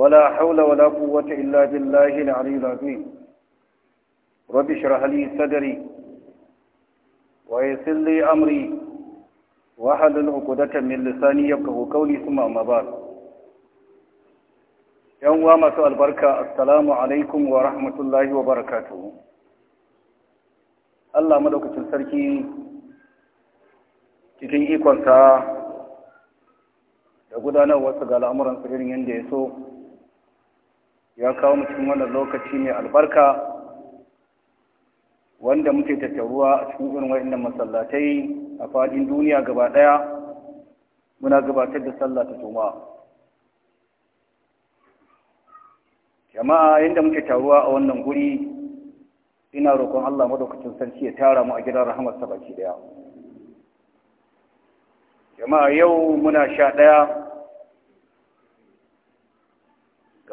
ولا حول ولا قوة إلا بالله العلي العظيم رب اشرح لي صدري ويسر لي أمري واحلل عقدة من لساني يفقه قولي ثم أما بعد يوم uwa masu albarka, Assalamu alaikum wa rahmatullahi wa barakatuhu. Allah madaukacin cikin ikonsa da gudanar wasu ga al'amuran irin yadda ya so ya kawo cikin wannan lokaci mai albarka wanda muke tattaruwa a cikin irin wa'annan masallatai a faɗin duniya gaba ɗaya muna gabatar da sallah ta juma'a jama'a yadda muke taruwa a wannan guri ina roƙon Allah madaukakin sarki ya tara mu a gidan rahamarsa baki daya jama'a yau muna sha ɗaya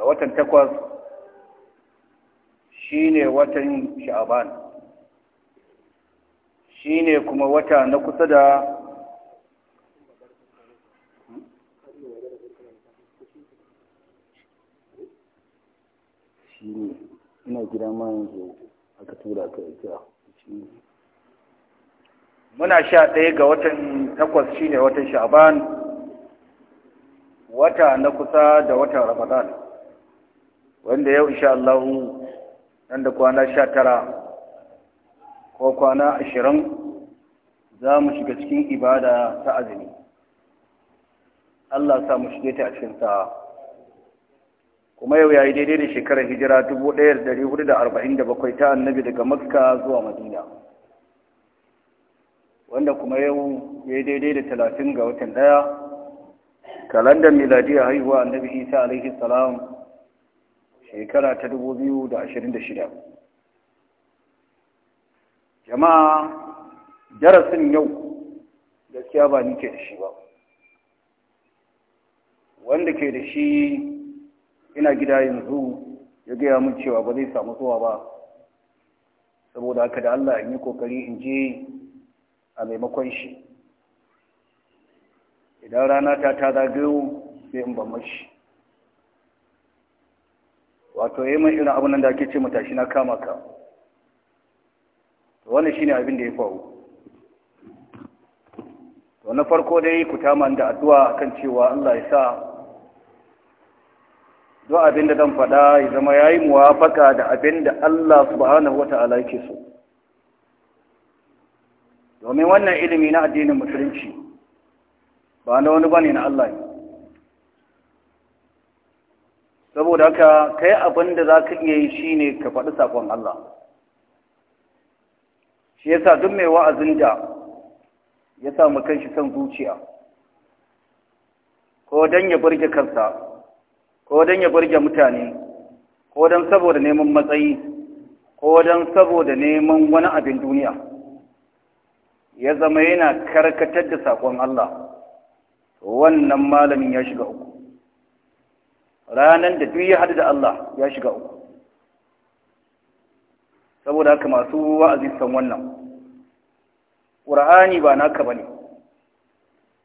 da watan takwas shi ne watan sha'aban shi ne kuma wata na kusa da shi ne ina gida ma yanzu aka tura ka muna sha ɗaya ga watan takwas shi ne watan sha'aban wata na kusa da watan ramadana wanda yau insha Allah nan da kwana sha ko kwana ashirin za mu shiga cikin ibada ta azumi Allah sa mu shige ta a cikin sa'a kuma yau yayi daidai da shekarar hijira 1447 ta annabi daga makka zuwa madina wanda kuma yau yayi daidai da talatin ga watan daya kalandar miladiyya haihuwa annabi isa alaihi salam shekara ta dubu biyu da da ashirin shida. jama'a darasin yau gaskiya ba ni ke da shi ba wanda ke da shi ina gida yanzu ya gaya mun cewa ba zai samu zuwa ba saboda haka da Allah in yi kokari in je a maimakon shi idan rana ta ta zagayo sai in ba mashi wato yi mai irin abun da ake ce matashi na kama ka shi shine abin da ya faru wani farko dai ku taman da addu'a kan cewa Allah ya sa duk abin da zan faɗa ya zama ya yi muwafaka da abin da Allah subhanahu wata'ala yake so domin wannan ilimi na addinin musulunci ba na wani bane na Allah ne saboda haka kai abin da za ka iya yi shi ne ka faɗi saƙon Allah shi ya sa duk mai wa'azin da ya samu kanshi son zuciya ko don ya burge kansa ko don ya burge mutane ko don saboda neman matsayi ko don saboda neman wani abin duniya ya zama yana karkatar da saƙon Allah wannan malamin ya shiga uku ranan da duk ya hadu da Allah ya shiga uku saboda haka masu wa'azi san wannan ƙur'ani ba naka bane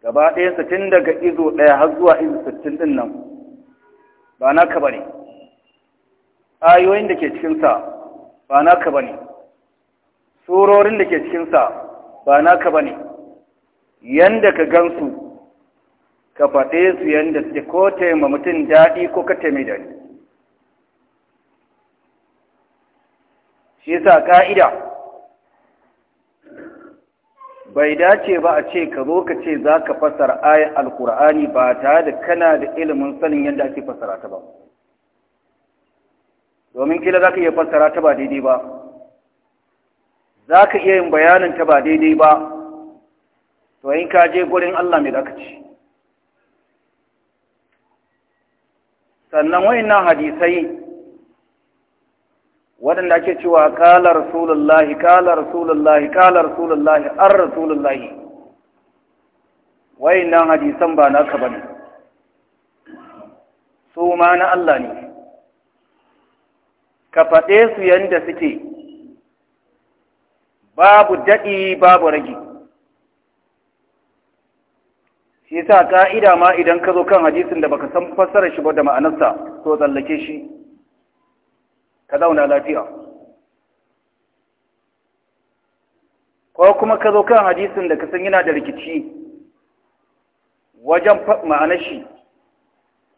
gaba ɗaya sittin daga izo ɗaya har zuwa izo sittin ɗin nan ba naka bane ayoyin da ke cikinsa ba naka bane surorin da ke cikinsa ba naka bane yanda ka gansu ka faɗe su yadda su ko taima mutum daɗi ko ka taimi ni. shi sa ƙa'ida bai dace ba a ce ka zo ka ce za ka fasara ayi al’ur'ani ba tare da kana da ilimin sanin yadda ake fasara ta ba domin kila za ka iya fasara ta ba daidai ba za ka iya yin bayanin ta ba daidai ba to in ka je gurin Allah mai dakaci sannan wayannan hadisai waɗanda ake cewa kala rasulullahi kala rasulullahi kala rasulullahi an rasulullahi wayannan hadisan ba naka bane su ma na Allah ne ka faɗe su yanda suke babu daɗi babu rage shi yasa ka'ida ma idan ka zo kan hadisin da baka san fassarar shi ba da ma'anarsa to tsallake shi ka zauna lafiya ko kuma ka zo kan hadisin da ka san yana da rikici wajen ma'anar shi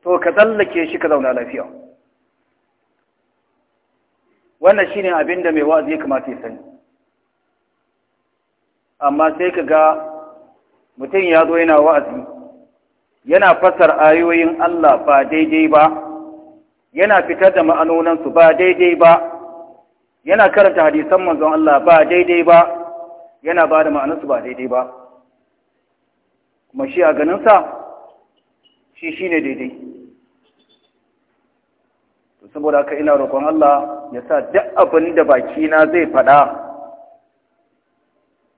to ka tsallake shi ka zauna lafiya wannan shine abin da mai wa'azi ya kamata ya sani amma sai ka ga mutum ya zo yana wa'azi yana fasar ayoyin Allah ba daidai ba yana fitar da ma'anonansu ba daidai ba yana karanta hadisan manzon Allah ba daidai ba yana ba da ma’anonsu ba daidai ba kuma shi a ganinsa shi shi ne daidai saboda ka ina roƙon Allah ya sa duk abin da bakina zai faɗa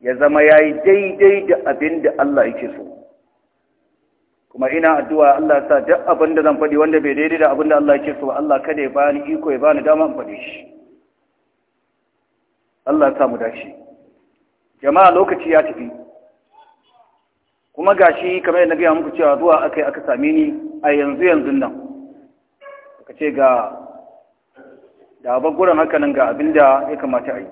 ya zama ya yi daidai da abin da Allah yake so kuma ina addu'a Allah sa duk abin da zan faɗi wanda bai daidai da abin da Allah yake so Allah kada ya bani iko ya bani dama in faɗi shi Allah sa mu dashi jama'a lokaci ya tafi kuma gashi kamar yadda gaya muku cewa zuwa aka yi aka sami ni a yanzu yanzu nan ka ce ga da gurin haka nan ga abin da ya kamata a yi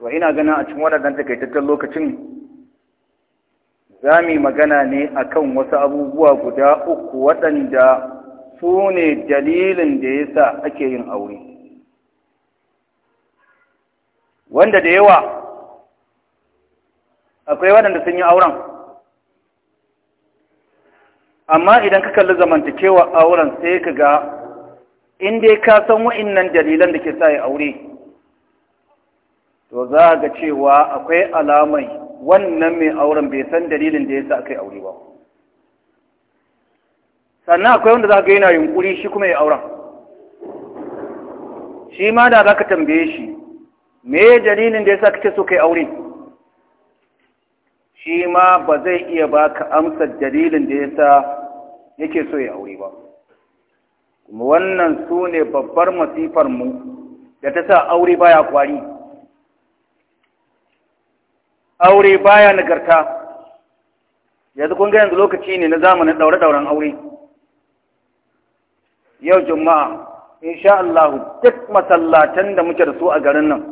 to ina gana a cikin waɗannan takaitaccen lokacin za mu magana ne akan wasu abubuwa guda uku waɗanda su ne dalilin da ya sa ake yin aure wanda da yawa akwai waɗanda sun yi auren amma idan ka kalli zamantakewa auren sai ka ga in dai ka san wa'innan dalilan da ke sa ya aure to za ga cewa akwai alamai wannan mai auren bai san dalilin da ya sa aka yi aure ba sannan akwai wanda za ga yana yunkuri shi kuma ya auren shi ma da za ka tambaye shi me dalilin da ya sa kake so ka yi aure shi ma ba zai iya ba ka amsa dalilin da ya sa yake so ya aure ba kuma wannan su ne babbar masifar mu da ta sa aure baya kwari aure baya nagarta yanzu kun ga yanzu lokaci ne na zamanin daure-dauren aure yau juma'a insha Allah duk masallatan da muke da su a garin nan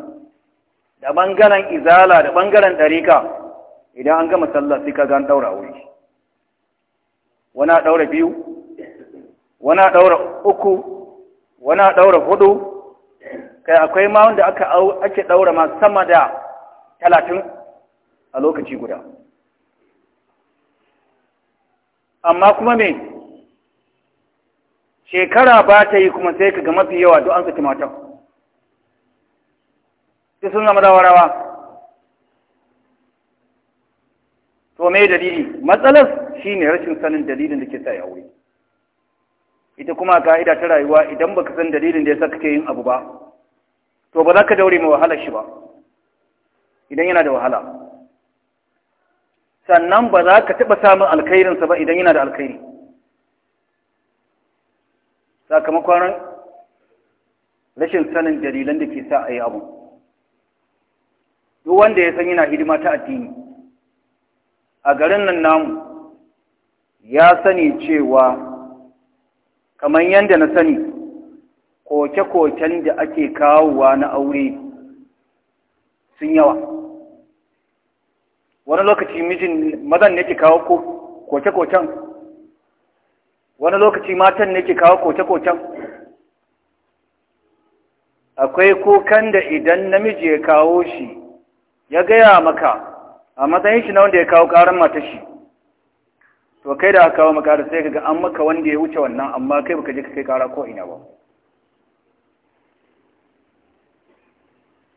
da bangaren izala da bangaren dariƙa. idan an gama sallah sai ka gan daura aure wani a daura biyu wani a daura uku wani a daura hudu kai akwai ma wanda aka ake daura ma sama da talatin a lokaci guda amma kuma me shekara ba ta yi kuma sai ga mafi yawa duk an saki matan sai sun zama rawa to me dalili matsalar shine rashin sanin dalilin da ke sa ya aure ita kuma ka'ida ta rayuwa idan baka san dalilin da ya saka kake yin abu ba to ba za ka daure ma wahalar shi ba idan yana da wahala sannan ba za ka taɓa samun alkhairinsa ba idan yana da alkhairi sakamakon rashin sanin dalilan da ke sa a yi abu duk wanda ya san yana hidima ta addini a garin nan namu ya sani cewa kamar yadda na sani koke-koken da ake kawowa na aure sun yawa wani lokaci mijin mazan ne ke kawo koce-kocen? wani lokaci matan ne ke kawo koce-kocen? akwai kukan da idan namiji ya kawo shi ya gaya maka a matsayin shi na wanda ya kawo karan mata shi to kai da aka kawo makarar sai ga an maka wanda ya wuce wannan amma kai baka je ka kai kara ko ina ba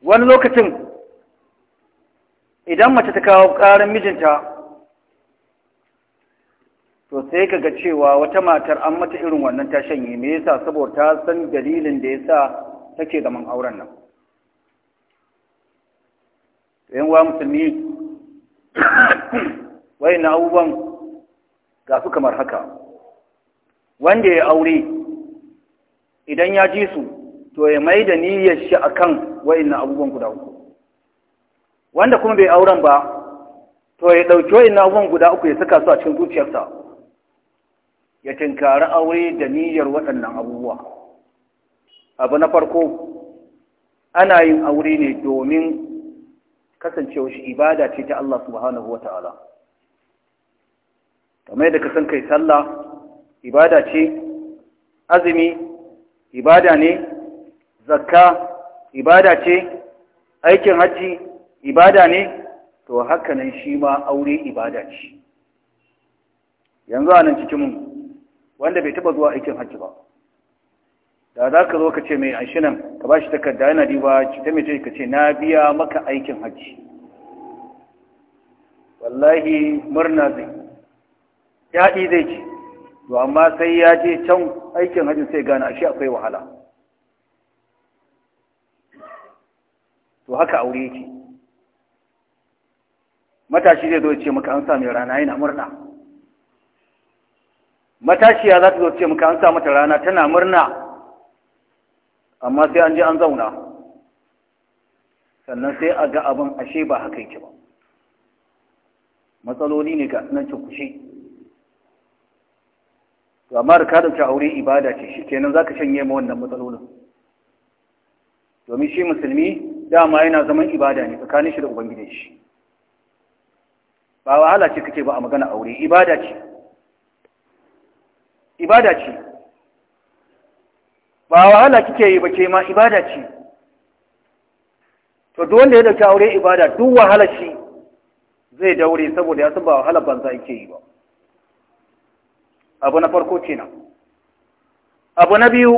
wani lokacin idan mace ta kawo ƙarar mijinta to sai ka ga cewa wata matar an mata irin wannan ta shanye me yasa saboda ta san dalilin da yasa take zaman auren nan yan wa musulmi na abubuwan ga su kamar haka wanda ya aure idan ya ji su to ya mai da niyyar shi akan na abubuwan guda uku wanda kuma bai auren ba to ya ɗauki wa'in abubuwan guda uku ya saka su a cikin zuciyarsa ya tinkari aure da niyyar waɗannan abubuwa abu na farko ana yin aure ne domin kasancewa shi ibada ce ta Allah subhanahu wa ta'ala kamar da ka san kai sallah ibada ce azumi ibada ne zakka ibada ce aikin hajji ibada ne to haka nan shi ma aure ibada ce yanzu a nan cikinmu wanda bai taba zuwa aikin hajji ba da za ka zo ka ce mai anshi ka ba shi takarda yana diba cuta mai ka ce na biya maka aikin hajji wallahi murna zai yaɗi zai ci to amma sai ya je can aikin hajji sai gane ashe akwai wahala to haka aure yake matashi zai zo ce maka an sa mai rana yana murna matashiya za ta zo ce maka an sa mata rana tana murna amma sai an ji an zauna sannan sai a ga abin ashe ba haka yake ba matsaloli ne ga nan cikushe to amma da ka aure ibada ce za zaka shanye ma wannan matsalolin domin shi musulmi dama yana zaman ibada ne tsakanin shi da ubangijin shi ba wahala ce kake ba a magana aure ibada ce ibada ce ba wahala kike yi ba ke ma ibada ce to duk wanda ya dauki aure ibada duk wahala shi zai daure saboda ya san ba wahala banza yake yi ba abu na farko na abu na biyu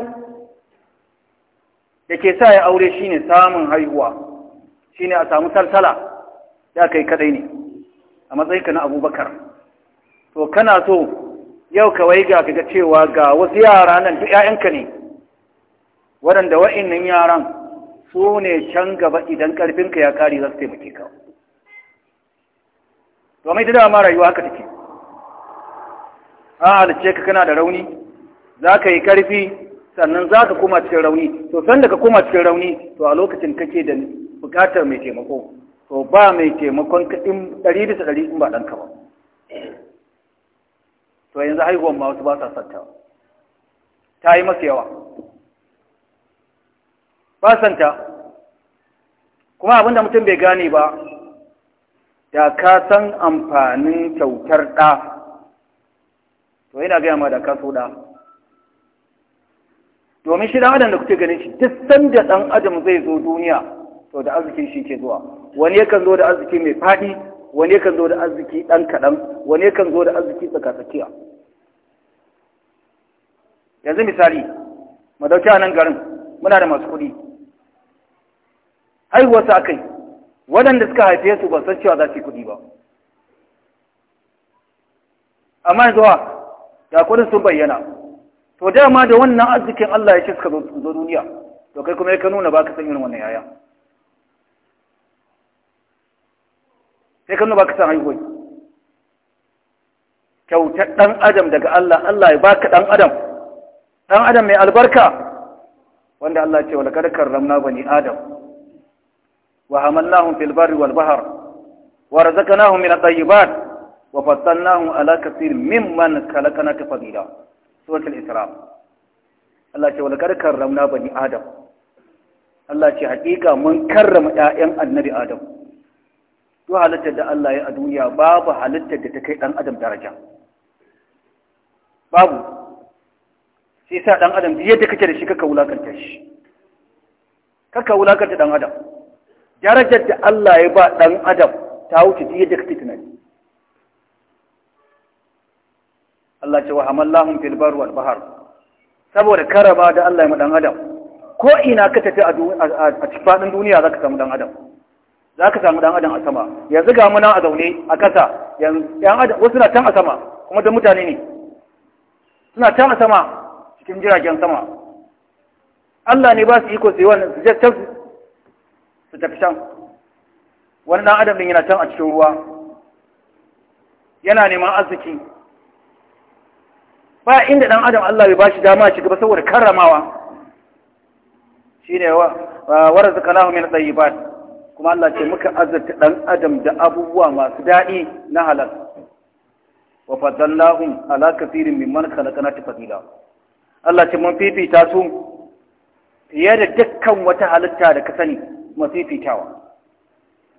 da ke sa ya aure shine samun haihuwa shine a samu salsala da kai kadai ne a matsayinka na abubakar to kana so yau kawai ga kaga cewa ga wasu yara nan duk 'ya'yanka ne waɗanda wa'innan yaran su ne can gaba idan ƙarfinka ya kare za su taimake ka to mai da ma rayuwa haka take a halice ka kana da rauni za ka yi ƙarfi sannan za ka koma cikin rauni to sanda ka koma cikin rauni to a lokacin kake da buƙatar mai taimako to ba mai taimakon ka in ɗari bisa ɗari in ba ɗanka ba to yanzu haihuwan ma wasu ba sa santa ta yi masa yawa ba santa kuma abinda mutum bai gane ba da ka san amfanin kyautar ɗa to yana gaya ma da ka so ɗa domin shi ɗan adam da kuke ganin shi duk sanda ɗan adam zai zo duniya to da arzikin shi ke zuwa wani yakan zo da arziki mai faɗi wani yakan zo da arziki ɗan kaɗan wani yakan zo da arziki tsakatsakiya yanzu misali madauki a nan garin muna da masu kuɗi haihuwarsu a kai waɗanda suka haife su ba san cewa za su yi kuɗi ba amma yanzu wa da kuɗin sun bayyana to dama da wannan arzikin Allah ya ce suka zo duniya to kai kuma ya ka nuna ba ka san irin wannan yaya sai ka ba ka san haihuwa kyautar ɗan adam daga Allah Allah ya baka ɗan adam ɗan adam mai albarka wanda Allah ce wa laqad karramna bani adam wa hamalnahum fil barri wal bahr wa razaqnahum min at-tayyibat wa fattalnahum ala kaseerin mimman khalaqna tafdila suratul isra Allah ce wa laqad karramna bani adam Allah ce hakika mun karrama ƴaƴan annabi adam duk halittar da Allah ya a duniya babu halittar da ta kai ɗan adam daraja babu sai sa ɗan adam yadda kake da shi kaka wulakanta shi kaka wulakanta ɗan adam darajar da Allah ya ba ɗan adam ta wuce duk yadda kake tunani Allah ce wa amma fil filbar wal albahar saboda karaba da Allah ya ma ɗan adam ko ina ka tafi a cikin duniya ka samu ɗan adam za ka samu ɗan adam a sama yanzu ga muna a zaune a ƙasa. wasu na can a sama kuma da mutane ne suna can a sama cikin jiragen sama Allah ne ba su iko su yi wannan sujjattar su tafi can wani ɗan adam ne yana can a cikin ruwa yana neman arziki ba inda ɗan adam Allah bai ba shi dama shi gaba saboda karramawa Shi ne wa warzaqnahu na tsayi ba. kuma Allah ce muka azurta ɗan adam da abubuwa masu daɗi na halal wa fadallahum ala kathirin mimman ta tafdila Allah ce mun fifita su fiye da dukkan wata halitta da ka sani mun fifitawa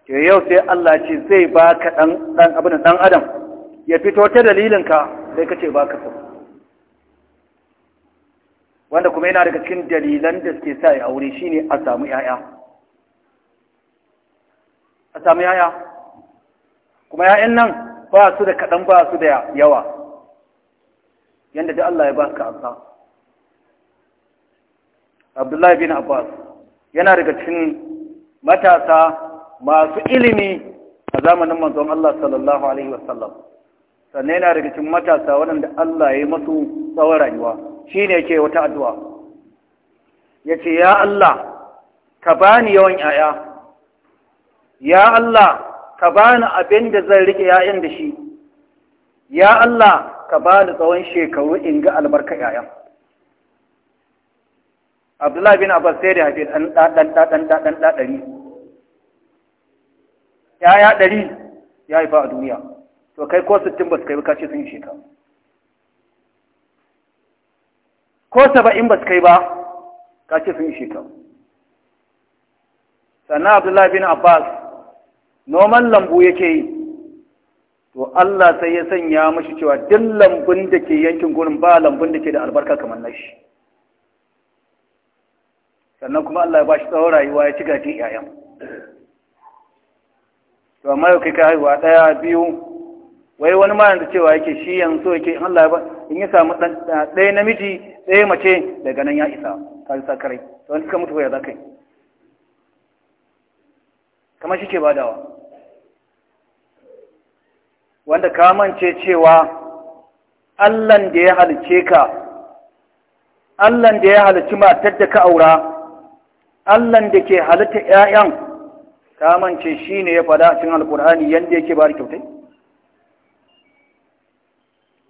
to yau sai Allah ce zai baka dan dan abin dan adam ya fito ta dalilinka sai ka ce baka so wanda kuma yana daga cikin dalilan da suke sa ya aure shine a samu yaya a sami yaya kuma yayan nan ba su da kaɗan ba su da yawa yadda da Allah ya ba ka amsa Abdullahi bin Abbas yana daga cikin matasa masu ilimi a zamanin manzon Allah sallallahu alaihi wasallam sannan yana daga cikin matasa waɗanda Allah ya yi masu tsawon rayuwa Shi ne yake wata addu'a Ya ce ya Allah ka bani yawan 'ya'ya. ya Allah ka bani abin da zan rike ‘ya'yan da shi, ya Allah ka bani tsawon shekaru in ga albarka ‘ya'yan. Abdullahi bin Abbas sai da hafi ɗan ɗan ɗan ɗan ɗari. ‘Ya'ya ɗari ya haifa a duniya, to kai ko sittin ba su kai ba ce sun yi shekaru. Ko saba'in ba su kai ba ka ce sun yi shekaru. Sannan Abdullahi bin Abbas noman lambu yake yi to Allah sai ya sanya mashi cewa duk lambun da ke yankin gurin ba lambun da ke da albarka kamar nashi sannan kuma Allah ya bashi tsawon rayuwa ya ci gaji yayan to amma yau kai ka haihuwa ɗaya biyu wai wani ma yanzu cewa yake shi yanzu yake in Allah ya ba in ya samu ɗaya namiji ɗaya mace daga nan ya isa ta yi sakarai to wani suka mutu ya za kai kamar shi ke badawa wanda kamance cewa allan da ya halice ka allan da ya halici matar da ka aura allan da ke halitta 'ya'yan kamance shi ne ya fada cin alkur'ani yadda yake bari kyautai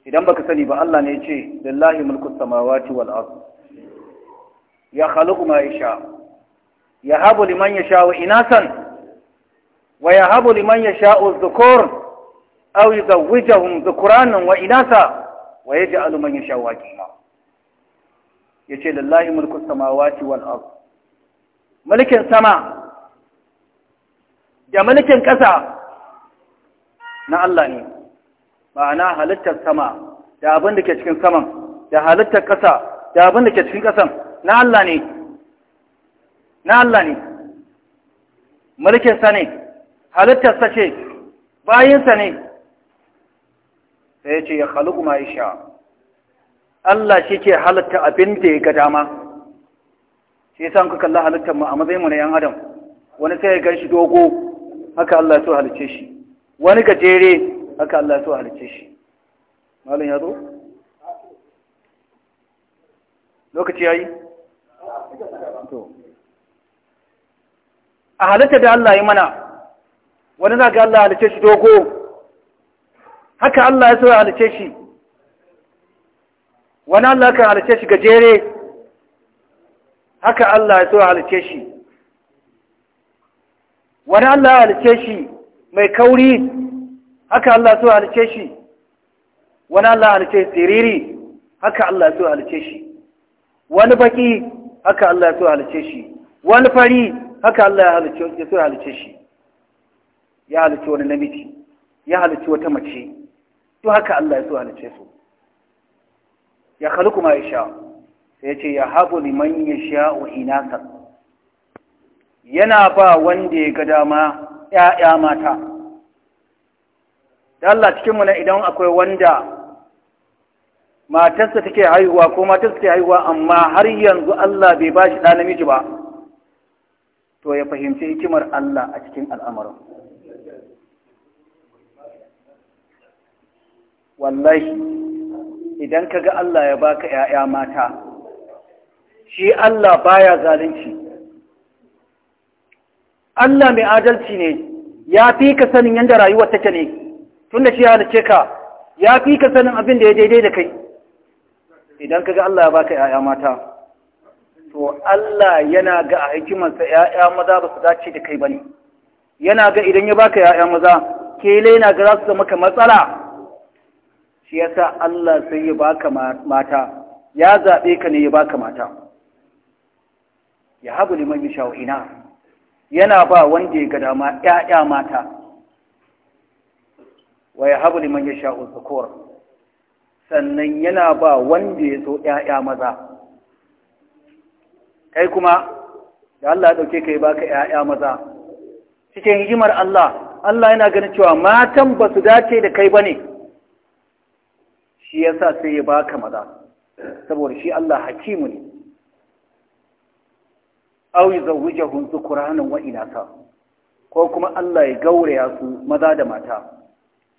idan baka sani ba allah ne ya ce lillahi mulkus samawati wal ardh ya khaluqu ma yasha habu liman yasha wa inasan wa yahabu liman yasha'u dhukur aw yuzawwijuhum dhukuranan wa inasa wa yaj'alu man yasha'u aqima yace lillahi mulku samawati wal ard mulkin sama da mulkin kasa na Allah ne ma'ana halittar sama da abin da ke cikin saman da halittar kasa da abin da ke cikin na Allah ne na Allah ne mulkin sa ne halittarsa ce bayinsa ne sai ce ya halu ma isha Allah shi ke halitta abin da ya ga dama shi yasa kuka kalla halittar mu a matsayin mu na yan adam wani sai ya gan shi dogo haka Allah so halicce shi wani gajere haka Allah so halicce shi malam ya zo lokaci yayi to a halitta da Allah ya mana wani za ga Allah halice shi dogo haka Allah ya so ya halice shi wani Allah kan halice shi gajere haka Allah ya so ya halice shi wani Allah ya halice shi mai kauri haka Allah ya so ya halice shi wani Allah ya halice siriri haka Allah ya so ya halice shi wani baki haka Allah ya so ya halice shi wani fari haka Allah ya so ya halice shi ya halicci wani namiji ya halicci wata mace to haka Allah ya so halicce su ya khaliqu ma yasha sai ya ce ya habu liman yasha wa inasa yana ba wanda ya ga dama ƴaƴa mata dan Allah cikin mu idan akwai wanda matarsa take haihuwa ko matarsa take haihuwa amma har yanzu Allah bai bashi shi ɗa namiji ba to ya fahimci hikimar Allah a cikin al'amarin wallahi idan kaga Allah ya baka ‘ya'ya mata shi Allah baya zalunci Allah mai adalci ne ya fi ka sanin yadda rayuwar take ne tun da shi halice ka ya fi ka sanin abin da ya daidai da kai idan kaga Allah ya baka ‘ya'ya mata to Allah yana ga a hikimarsa ‘ya'ya maza ba su dace da kai ba ne, yana ga idan ya baka ‘ya'ya maza, kele na ga za su zama ka matsala shi yasa Allah sai ya baka mata ya zaɓe ka ne ya baka mata ya haɓu liman yi ina yana ba wanda ya gada ma ƴaƴa mata wa ya haɓu liman yasha dhukur sannan yana ba wanda ya so ƴaƴa maza kai kuma da Allah ya ɗauke ka ya baka ƴaƴa maza cikin hikimar Allah Allah yana ganin cewa matan ba su dace da kai bane ne shi yasa sai ya baka maza saboda shi Allah hakimu ne aw yuzawwijuhum dhukranan wa nasa, ko kuma Allah ya gauraya su maza da mata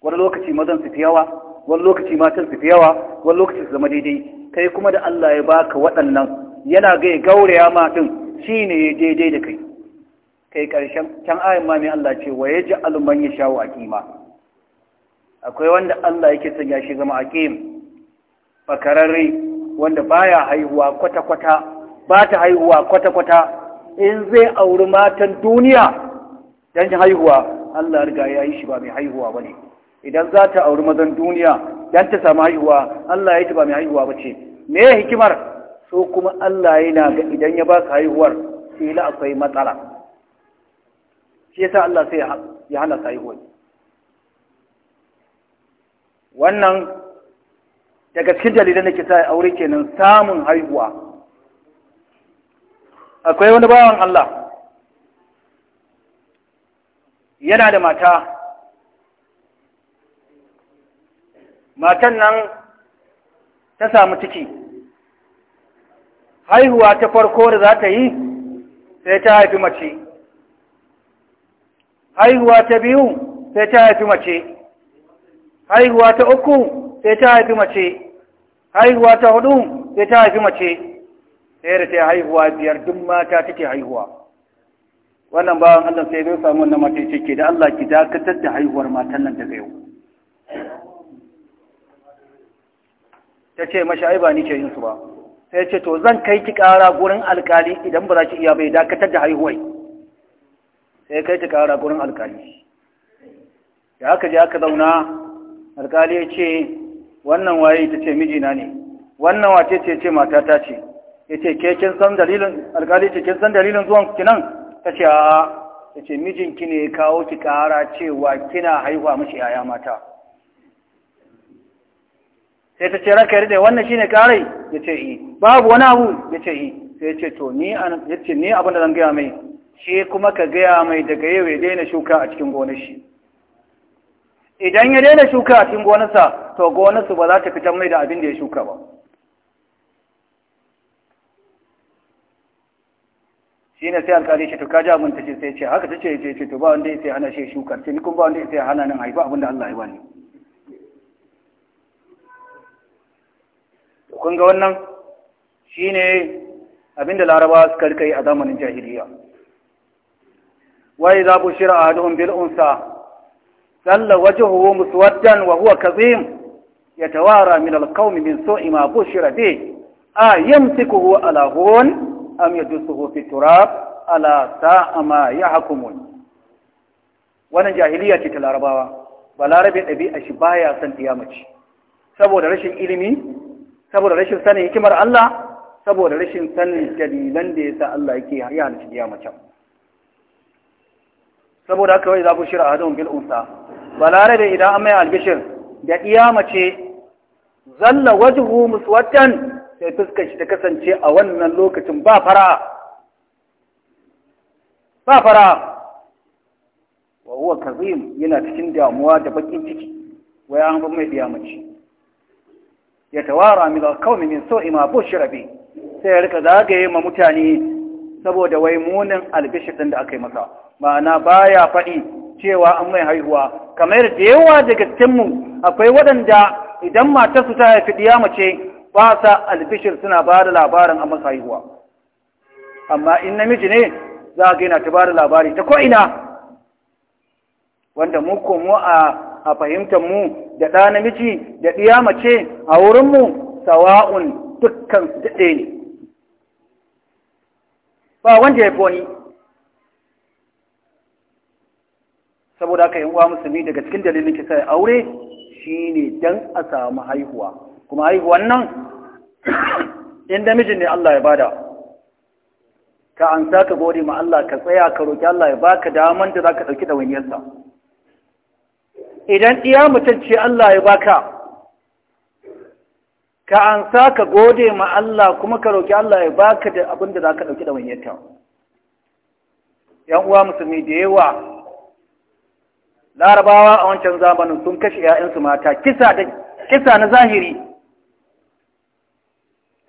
wani lokaci mazan su fi yawa wani lokaci matan su fi yawa wani lokaci su zama daidai kai kuma da Allah ya baka waɗannan yana ga ya gauraya matan shine ya daidai da kai kai ƙarshen can ayin ma mai Allah ce wa ya man a ƙima. akwai wanda Allah yake sanya shi zama akim bakararre wanda baya haihuwa kwata-kwata ba ta haihuwa kwata-kwata in zai auri matan duniya don haihuwa Allah riga ya yi shi ba mai haihuwa ba ne idan za ta auri mazan duniya don ta samu haihuwa Allah ya yi ta ba mai haihuwa ba ce me hikimar so kuma Allah yana ga idan ya ba baka haihuwar sai akwai matsala shi yasa Allah sai ya hana haihuwa wannan daga cikin dalilan da ke sa aure kenan samun haihuwa akwai wani bawan Allah yana da mata matan nan ta samu ciki haihuwa ta farko da za ta yi sai ta haifi mace haihuwa ta biyu sai ta haifi mace haihuwa ta uku sai ta haifi mace haihuwa ta hudu sai ta haifi mace sai da ta haihuwa biyar duk mata take haihuwa wannan bawan Allah sai zai samu wannan mace ce ke da Allah ki dakatar da haihuwar matan nan daga yau ta ce mashi ai ba ni ke yin su ba sai ce to zan kai ki kara gurin alkali idan ba za ki iya bai dakatar da haihuwai sai kai ki kara gurin alkali da aka je aka zauna alkali ya ce wannan waye ta ce mijina ne wannan wace ce ce matata ce ya ce ke kin san dalilin alkali ce kin san dalilin zuwan ki nan ta ce a ya ce mijinki ne kawo ki kara cewa kina haihuwa mashi yaya mata sai ta ce ranka yadda wannan ne karai ya ce yi eh. babu wani abu ya ce yi eh. sai ya ce to ni ya ce ni abin da zan gaya mai shi kuma ka gaya mai daga yau ya daina shuka a cikin gonar shi idan ya daina shuka a cikin gonarsa to gonarsa ba za ta fitar mai da abin da ya shuka ba shi ne sai alkali shi to kaji abin ta ce sai ce haka ta ce ce ce to ba wanda ya sai hana shi shukar ce ni kuma ba wanda ya sai hana nan haifa abin da Allah ya bani kun ga wannan shi abin da larabawa suka rikai yi a zamanin jahiliya wa idza bushira ahaduhum bil unsa ظل وجهه مسودا وهو كظيم يتوارى من القوم من سوء ما بشر به a يمسكه على هون am يدسه في التراب ألا ساء ما يحكمون wannan jahiliya ce ta larabawa ba larabe ɗabi'a shi baya son tiyamaci saboda rashin ilimi saboda rashin sanin hikimar Allah saboda rashin sanin dalilan da yasa Allah yake ya halitta tiyamaci saboda haka wai za ku shira hadon bil unsa balarabe idan an mai albishir da iya ce zalla humus muswaddan sai fuskar shi ta kasance a wannan lokacin ba fara ba fara wa huwa kazim yana cikin damuwa da bakin ciki wa ya hanbar mai ƙiyama ce ya tawara min kawai min so ma bushra sai ya rika zagaye ma mutane saboda wai munin albishir da aka yi masa ma'ana baya faɗi cewa an mai haihuwa kamar da yawa daga cikinmu akwai waɗanda idan su ta haifi ɗiya mace ba sa albishir suna ba da labarin an masa haihuwa amma in namiji ne za a yana ta ba da labari ta ko'ina wanda mu komo mu a fahimtar mu da ɗa namiji da ɗiya mace a wurinmu sawa'un dukkan daɗe ne ba wanda ya fi wani saboda haka yan uwa musulmi daga cikin dalilin kisa aure shine don a samu haihuwa kuma haihuwan nan in mijin ne Allah ya bada ka an sa ka gode ma Allah ka tsaya ka roƙi Allah ya baka daman da zaka dauki dawainiyarsa idan iya mutum ce Allah ya baka ka an sa ka gode ma Allah kuma ka roƙi Allah ya baka da abin da zaka dauki dawainiyarta yan uwa musulmi da yawa larabawa a wancan zamanin sun kashe 'ya'yansu mata kisa na zahiri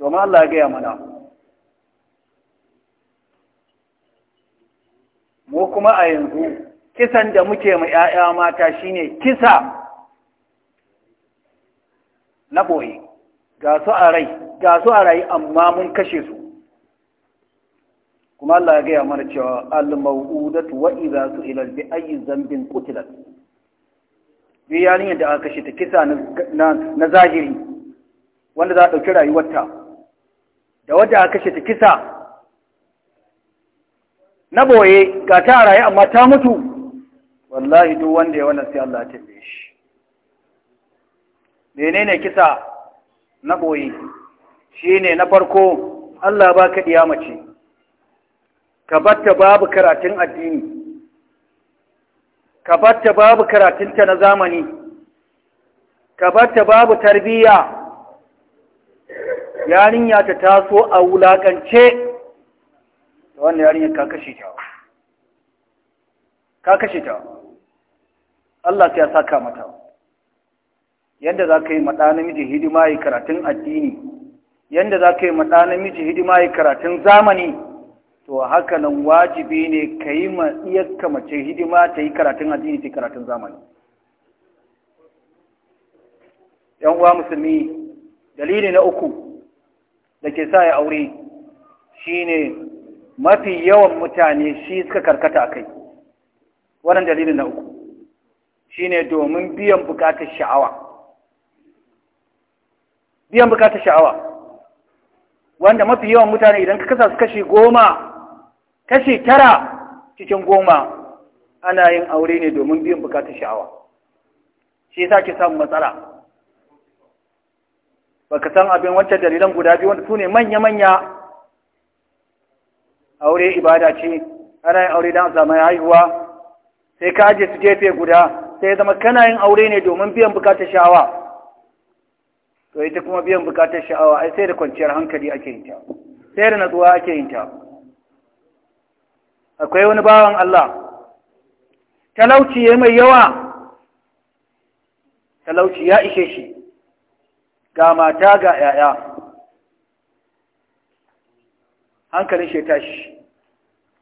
domin Allah ya gaya mana mu kuma a yanzu kisan da muke mu 'ya'ya mata shine kisa na boye ga su a rai ga su a rai amma mun kashe su kuma Allah ya gaya mana cewa al-maw'udatu wa idza su'ilat bi ayyi dhanbin qutilat bi yarinyar da aka kashe ta kisa na na zahiri wanda za a dauki rayuwarta da wanda aka kashe ta kisa na boye ga ta rayu amma ta mutu wallahi duk wanda ya wannan sai Allah ya tabbe shi menene kisa na boye shine na farko Allah ba ka mace ka batta babu karatun addini ka batta babu karatunta na zamani ka batta babu tarbiyya yarinya ta taso a wulakance wannan yarinya ka kashe ta ka kashe ta Allah sai ya saka mata yadda za ka yi maɗa namiji hidima yi karatun addini yadda za ka yi maɗa namiji hidima yi karatun zamani to haka nan wajibi ne ka yi ma iyakka mace hidima ta yi karatun addini ta karatun zamani yan uwa musulmi dalili na uku da ke sa ya aure shine mafi yawan mutane shi suka karkata a kai wannan dalilin na uku shi ne domin biyan bukatar sha'awa biyan bukatar sha'awa wanda mafi yawan mutane idan ka kasa su kashe goma kashi tara cikin goma ana yin aure ne domin biyan bukatar sha'awa shi yasa ke samun matsala baka san abin wancan dalilan guda biyu wanda su ne manya-manya aure ibada ce ana yin aure don samu haihuwa sai ka aje su gefe guda sai zama kana yin aure ne domin biyan bukatar sha'awa to ita kuma biyan bukatar sha'awa ai sai da kwanciyar hankali ake yin ta sai da natsuwa ake yin ta akwai wani bawan Allah talauci ya mai yawa talauci ya ishe shi ga mata ga ‘ya'ya hankalin shi tashi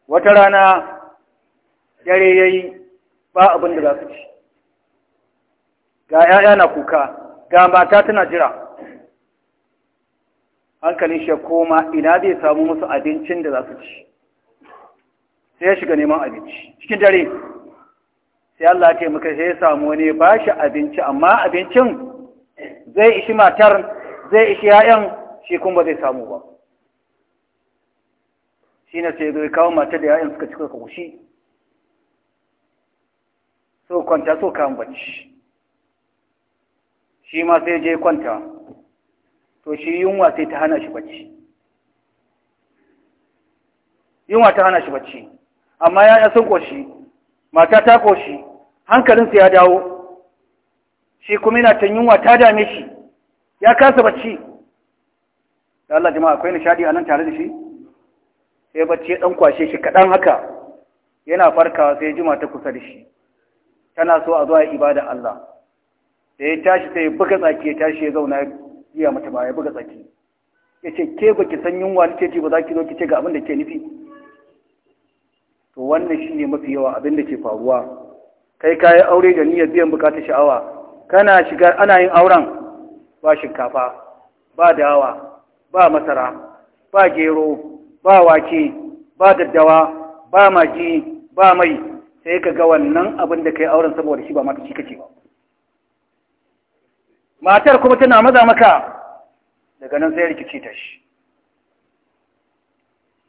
wata rana dare ya yi ba abin da za su ci ga ‘ya'ya na kuka ga mata tana jira hankalin shi koma ina zai samu musu abincin da za su ci sai ya shiga neman abinci cikin dare sai Allah ya taimaka sai ya samu wani ba shi abinci amma abincin zai ishi matar zai ishi ‘ya'yan shi kuma ba zai samu ba shi na sai zai kawo matar da ‘ya'yan suka cika kawushi so kwanta so kawon bacci shi ma sai je kwanta to shi yunwa sai ta hana shi bacci yunwa ta hana shi bacci amma ya sun ƙoshi, mata ta koshi hankalinsa ya dawo shi kuma yana can yunwa ta dame shi ya kasa bacci da Allah jama'a akwai nishadi a nan tare da shi sai bacci ya ɗan kwashe shi kaɗan haka yana farkawa sai jima ta kusa da shi tana so a zuwa ibada Allah da ya tashi sai ya buga tsaki ya tashi ya zauna ya mata ba ya buga tsaki ya ce ke ba ki san yunwa nake ji ba za ki zo ki ce ga abin da ke nufi wannan shi ne mafi yawa abinda ke faruwa kai kayi aure da niyyar biyan bukatar sha'awa kana shiga ana yin auren ba shinkafa ba dawa ba masara ba gero ba wake ba daddawa ba magi ba mai sai ka ga wannan abin da kai auren saboda shi ba mata shi kake ba matar kuma tana maza maka daga nan sai rikici ta shi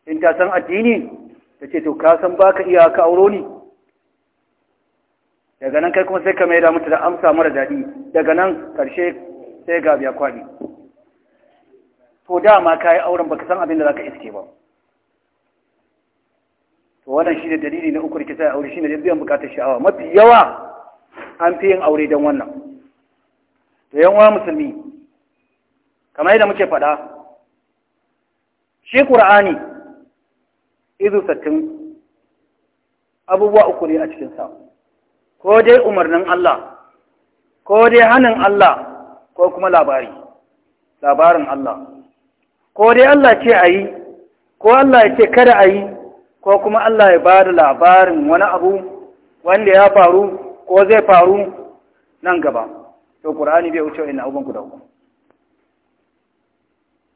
in ta san addini ta ce to ka san baka iya ka auro ni daga nan kai kuma sai ka mai da mutu da amsa mara daɗi daga nan ƙarshe sai ga biya kwaɗi to dama ka yi auren baka san abin da za iske ba to wannan shi ne dalili na uku kisa aure shi ne biyan bukatar sha'awa mafi yawa an fi yin aure don wannan to yan wa musulmi kamar yadda muke faɗa shi ƙur'ani izu sattin abubuwa uku ne a cikinsa ko dai umarnin Allah ko dai hannun Allah ko kuma labari labarin Allah ko dai Allah ce a yi ko Allah ya ce kada a yi ko kuma Allah ya ba da labarin wani abu wanda ya faru ko zai faru nan gaba to ƙur'ani bai wuce ina abubuwan ku da uku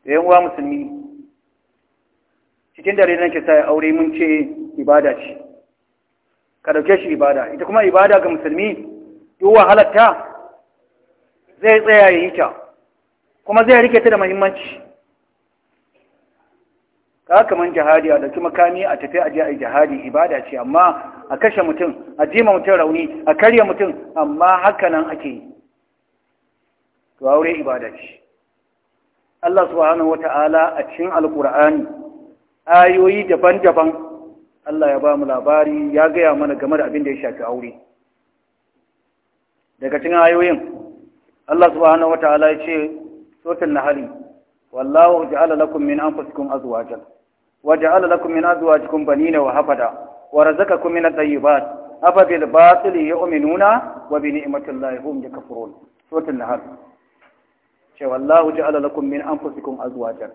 da yan uwa musulmi cikin dare nan nake sai aure mun ce ibada ce ka dauke shi ibada ita kuma ibada ga musulmi duk wahalarta zai tsaya ya yi ta kuma zai rike ta da muhimmanci ka kaman jihadi a dauki makami a tafi aje a jihadi ibada ce amma a kashe mutum a jima mutum rauni a karya mutum amma haka nan ake yi to aure ibada ce Allah subhanahu ta'ala a cikin alkur'ani ayoyi daban-daban Allah ya ba mu labari ya gaya mana game da abin da ya shafi aure daga cikin ayoyin Allah subhanahu wataala ya ce sotan nahari wallahu ja'ala lakum min anfusikum azwajan wa ja'ala lakum min azwajikum banina wa hafada wa razaqakum min at-tayyibat afa bil batili yu'minuna wa bi ni'matillahi hum yakfurun sotan nahari ce wallahu ja'ala lakum min anfusikum azwajan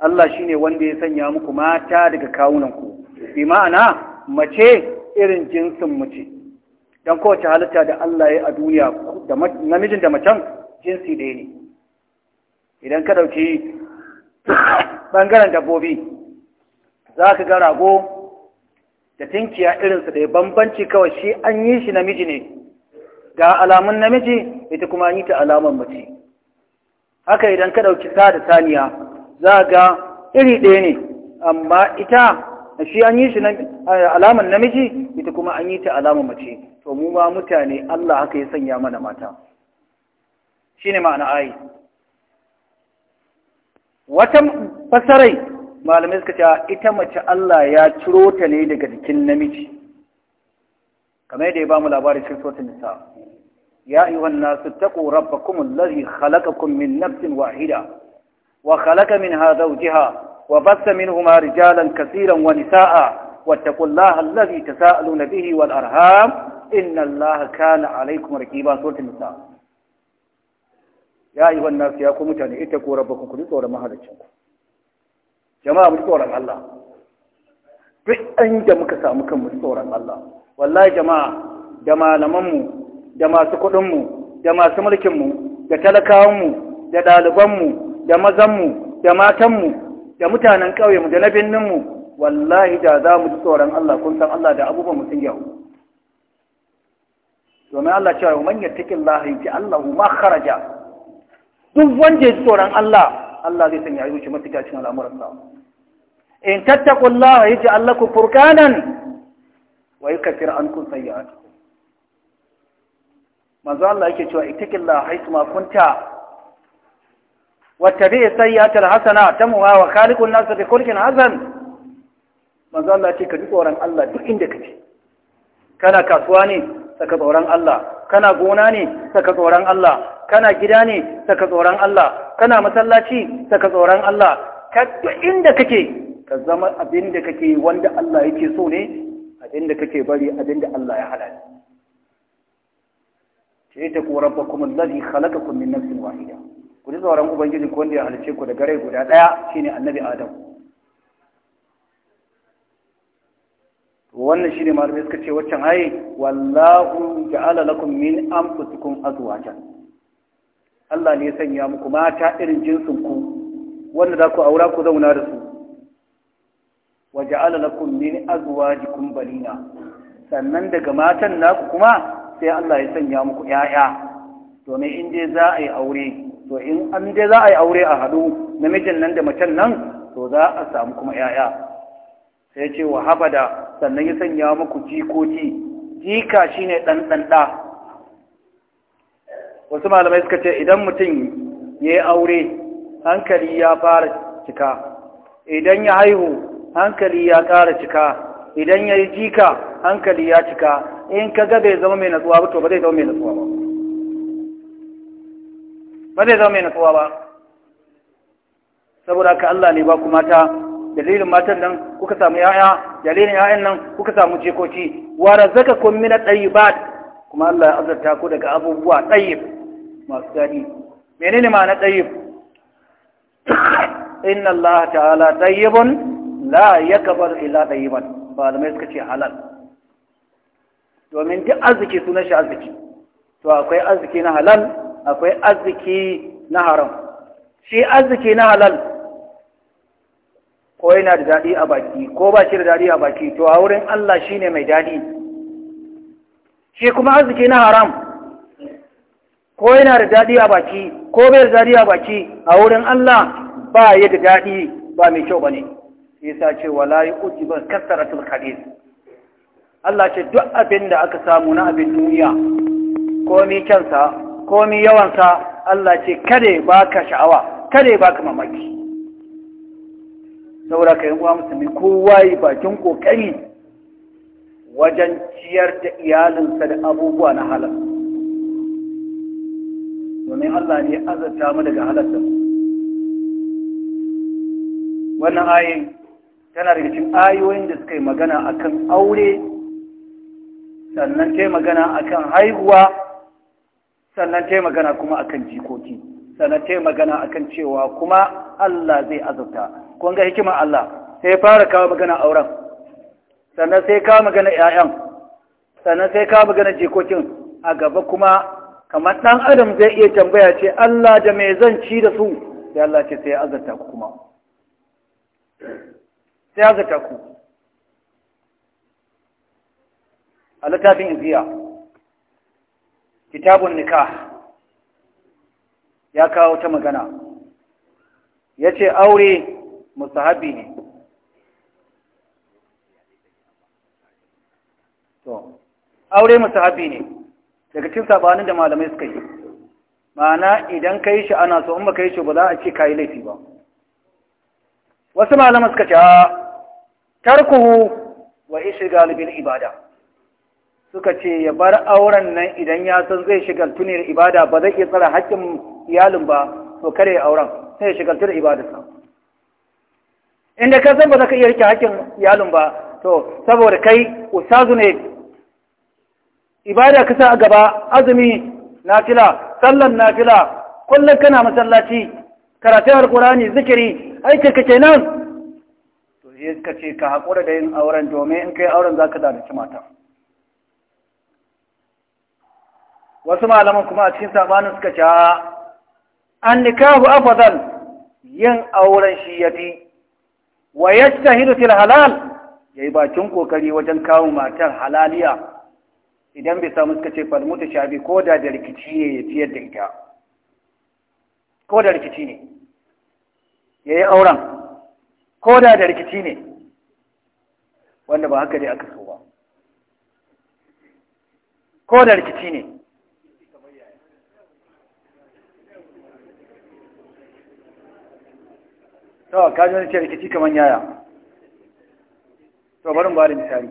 Allah shi ne wanda ya sanya muku mata daga kawunanku bi ma'ana mace irin jinsin mace don kowace halitta da Allah ya a duniya namijin da macen jinsi ɗaya ne idan ka dauki ɓangaren dabbobi za ka ga rago da tinkiya irinsu da bambanci kawai shi an yi shi namiji ne ga alamun namiji ita kuma yi ta alamun mace haka idan ka ɗauki sa da saniya za ga iri ɗaya ne amma ita shi an yi shi alamar namiji ita kuma an yi ta alamar mace to mu ma mutane Allah haka ya sanya mana mata Shi ne ma'ana ayi wata fasarai malamai suka cewa ita mace Allah ya ciro ta ne daga jikin namiji kamar yadda ya ba mu labari shi sautin nisa ya su nasu taqu rabbakum allazi halakakun min nafsin wahida وخلق منها زوجها وبث منهما رجالا كثيرا ونساء واتقوا الله الذي تساءلون به والأرهام إن الله كان عليكم ركيبا سورة النساء يا أيها الناس يا قوم تاني اتقوا ربكم كل صورة ما هذا jama'a mu tsoron Allah duk an da muka samu kan mu tsoron Allah wallahi jama'a da malamanmu da masu kuɗinmu da masu mulkinmu da talakawanmu da ɗalibanmu da mazanmu da matanmu da mutanen ƙauyenmu da na birninmu wallahi da za mu ji tsoron Allah kun san Allah da abubuwan mutum yau domin Allah cewa man yattaqillaha yaji Allahu ma kharaja duk wanda ya ji tsoron Allah Allah zai sanya ya shi mafita cikin al'amuran sa in tattaqullaha yaji Allahu furqanan wa an kun sayyi'atikum manzo Allah yake cewa ittaqillaha haythu ma kunta wattabi sayyi'atal hasana tamuha wa khaliqun nas bi khulqin hasan manzo Allah ce ka ji tsoron Allah duk inda kake kana kasuwa ne saka tsoron Allah kana gona ne saka tsoron Allah kana gida ne saka tsoron Allah kana masallaci saka tsoron Allah ka duk inda kake ka zama abin da kake wanda Allah yake so ne abin da kake bari abin da Allah ya halala ce ta ku rabbakum allazi khalaqakum min nafsin wahida ku ji tsoron ubangiji ko wanda ya halice ku da gare guda ɗaya shine annabi adam wannan shine malamai suka ce waccan haye wallahu ja'ala lakum min anfusikum azwajan Allah ne ya sanya muku mata irin jinsin ku wanda za ku aura ku zauna da su wa ja'ala lakum min azwajikum banina sannan daga matan naku kuma sai Allah ya sanya muku ƴaƴa domin in dai za a yi aure to in an dai za a yi aure a haɗu namijin nan da macen nan to za a samu kuma 'ya'ya sai ce wa habada sannan ya sanya muku jikoki jika shine dan dan da wasu malamai suka ce idan mutum ya yi aure hankali ya fara cika idan ya haihu hankali ya ƙara cika idan ya yi jika hankali ya cika in ka ga bai zama mai natsuwa ba to ba zai zama mai natsuwa ba ba zai zama mai nutsuwa ba saboda ka Allah ne ba ku mata dalilin matan nan kuka samu yaya dalilin yayan nan kuka samu jikoki wa razaqakum min at-tayyibat kuma Allah ya azurta ku daga abubuwa tayyib masu dadi menene ma'ana tayyib inna Allah ta'ala tayyibun la yakbar illa tayyiban ba da mai suka ce halal domin duk arziki sunan shi arziki to akwai arziki na halal akwai arziki na haram shi arziki na halal ko yana da daɗi a baki ko ba shi da daɗi a baki to a wurin Allah shi ne mai daɗi shi kuma arziki na haram ko yana da daɗi a baki ko bai da daɗi a baki a wurin Allah ba ya da daɗi ba mai kyau ba ne Isa ce wala uji ba tun khalil Allah ce duk abin da aka samu na abin duniya ko mi kyansa komi yawansa Allah ce kare baka sha'awa kare baka mamaki saboda ka yi uwa musulmi kowa yi bakin kokari wajen ciyar da iyalinsa da abubuwa na halar domin Allah ne azurta mu daga halar da wannan ayin tana daga cikin ayoyin da suka yi magana akan aure sannan ta magana akan haihuwa sannan ta magana kuma akan jikoki sannan ta magana akan cewa kuma Allah zai azurta kun ga hikimar Allah sai fara kawo magana auren sannan sai kawo magana 'ya'yan sannan sai kawo magana jikokin a gaba kuma kamar ɗan adam zai iya tambaya ce Allah da mai zan ci da su sai Allah ce sai azarta ku kuma sai azarta ku a littafin iziya kitabun nikah ya kawo ta magana ya ce aure musahabi ne to aure musahabi ne daga cin sabanin da malamai suka yi ma'ana idan ka yi shi ana so in ba ka yi shi ba za a ce ka yi laifi ba wasu malamai suka ce tarkuhu wa ishi galibin ibada suka ce ya bar auren nan idan ya san zai shigaltu ne ibada ba zai iya tsara haƙƙin iyalin ba to kare auren sai ya shigaltu da ibadarsa inda ka san ba za ka iya rike haƙƙin iyalin ba to saboda kai ustazu ne ibada kasa a gaba azumi nafila sallan nafila kullum kana masallaci karatun alkurani zikiri aikin ka kenan to ka ce ka haƙura da yin auren domin in kai auren za ka zalunci mata wasu malaman kuma a cikin sabanin suka ce an nikahu afadal yin auren shi ya fi. wa ya yajtahidu fil halal Ya yi bakin kokari wajen kawo matar halaliya idan bai samu suka ce fal Shafi ko da da rikici ne ya fiye da ita ko da rikici ne Ya yi auren ko da da rikici ne wanda ba haka dai aka so ba ko da rikici ne to ka ji wani ce rikici kamar yaya to barin bari misali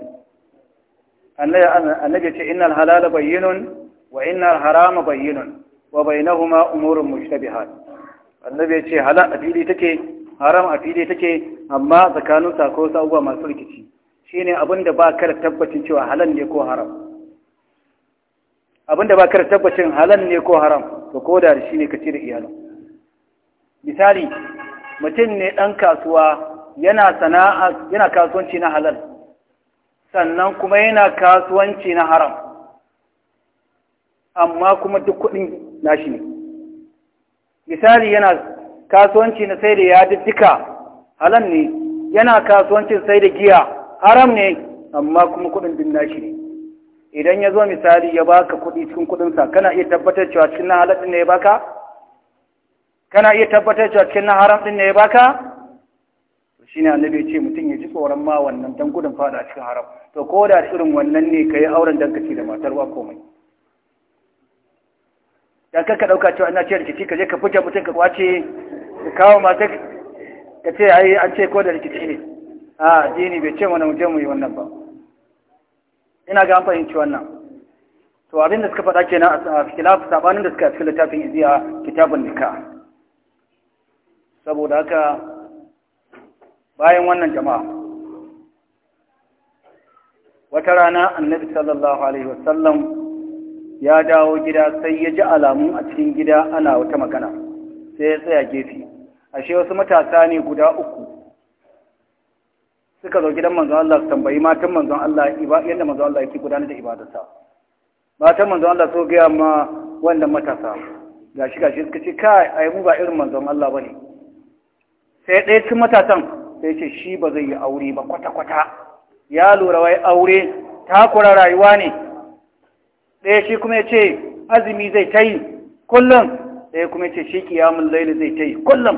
annabi ce innal halala bayyinun wa innal harama bayyinun wa bainahuma umurun mushtabihat annabi ce halal a fili take haram a fili take amma tsakanin sako abubuwa masu rikici shine abin da ba ka da tabbacin cewa halal ne ko haram abin da ba ka da tabbacin halal ne ko haram to ko da shi ne ka ce da iyalin misali mutum ne ɗan kasuwa yana sana'a yana kasuwanci na halal sannan kuma yana kasuwanci na haram amma kuma duk kuɗin nashi ne misali yana kasuwanci na sai da yadiddika halal ne yana kasuwanci sai da giya haram ne amma kuma kuɗin din nashi ne idan ya zo misali ya baka kuɗi cikin kuɗinsa kana iya tabbatar cewa cikin na halal ne ya baka kana iya tabbatar cewa cikin haram din ne ya baka shi ne annabi ya ce mutum ya ji tsoron ma wannan dan gudun fada cikin haram to ko da irin wannan ne ka yi auren dan da matar wa komai dan kanka dauka cewa ina ce rikici ka je ka fuje mutum ka kwace ka kawo matar ka ce ai an ce ko da rikici ne a dini bai ce mana mu je mu yi wannan ba ina ga an fahimci wannan to abin da suka faɗa kenan a khilaf sabanin da suka cikin littafin iziya kitabun nikah saboda haka bayan wannan jama'a wata rana annabi sallallahu alaihi wasallam ya dawo gida sai ya ji alamu a cikin gida ana wata magana sai ya tsaya gefe ashe wasu matasa ne guda uku suka zo gidan manzon Allah su tambayi matan manzon Allah yadda manzon Allah yake gudanar da ibadarsa matan manzon Allah so gaya ma wannan matasa gashi gashi suka ce kai ai mu ba irin manzon Allah bane sai ɗaya cikin matasan sai ce shi ba zai yi aure ba kwata-kwata ya lura wai aure takura rayuwa ne ɗaya shi kuma ya ce azumi zai ta yi kullum ɗaya kuma ya ce shi kiyamun laili zai ta yi kullum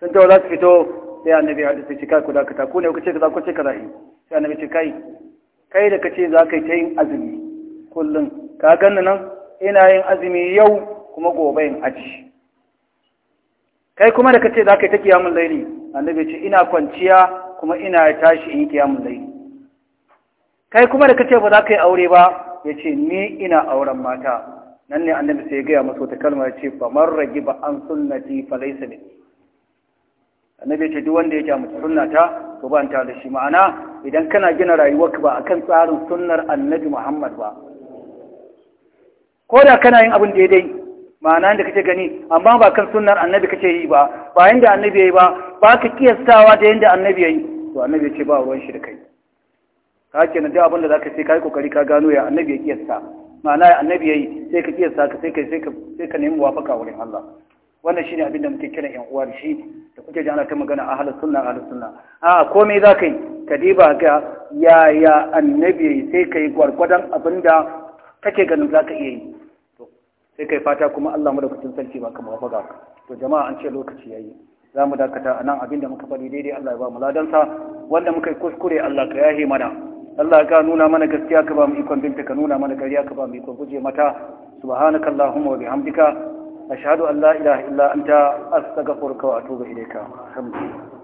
sun wa za su fito sai annabi ya sai cika ku dakata ku ne ku ce kaza ku ce kaza sai annabi ce kai kai da ka ce za ka yi ta yin azumi kullum ka ganna nan ina yin azumi yau kuma gobe in aji kai kuma da ka ce za ka yi ta kiyamun laili annabi ce ina kwanciya kuma ina tashi in yi kiyamun laili kai kuma da ka ce ba za ka yi aure ba ya ce ni ina auren mata nan ne annabi sai ya gaya masu wata kalma ya ce ba marragi ba an sunnati fa laysa ne. annabi ce duk wanda ya mutu sunnata to ba ta da shi ma'ana idan kana gina rayuwarka ba akan tsarin sunnar annabi Muhammad ba ko da kana yin abin daidai ma'ana da kake gani amma ba kan sunnar annabi kake yi ba ba yanda annabi yayi ba ba ka kiyastawa da yanda annabi yayi to annabi ya ce ba ruwan shi da kai ka ce na da abin da zaka sai kai kokari ka gano ya annabi ya kiyasta ma'ana ya annabi yayi sai ka kiyasta ka sai ka sai ka sai ka nemi wafaka wurin Allah wannan shine abin da muke kira yan uwar shi da kuke ji ana ta magana ahlus sunna ahlus sunna a komai zaka yi ka diba ga yaya annabi sai kai gwargwadon abinda kake ganin zaka iya yi sai kai fata kuma Allah madaukakin sarki ba ka mawafaka to jama'a an ce lokaci yayi za mu dakata a nan abinda muka faɗi daidai Allah ya ba mu sa wanda muka kuskure Allah ka yahe mana Allah ka nuna mana gaskiya ka ba mu ikon binta ka nuna mana ƙarya ka ba mu ikon guje mata subhanaka allahumma wa bihamdika ashhadu an la ilaha illa anta astaghfiruka wa atubu ilayka alhamdulillah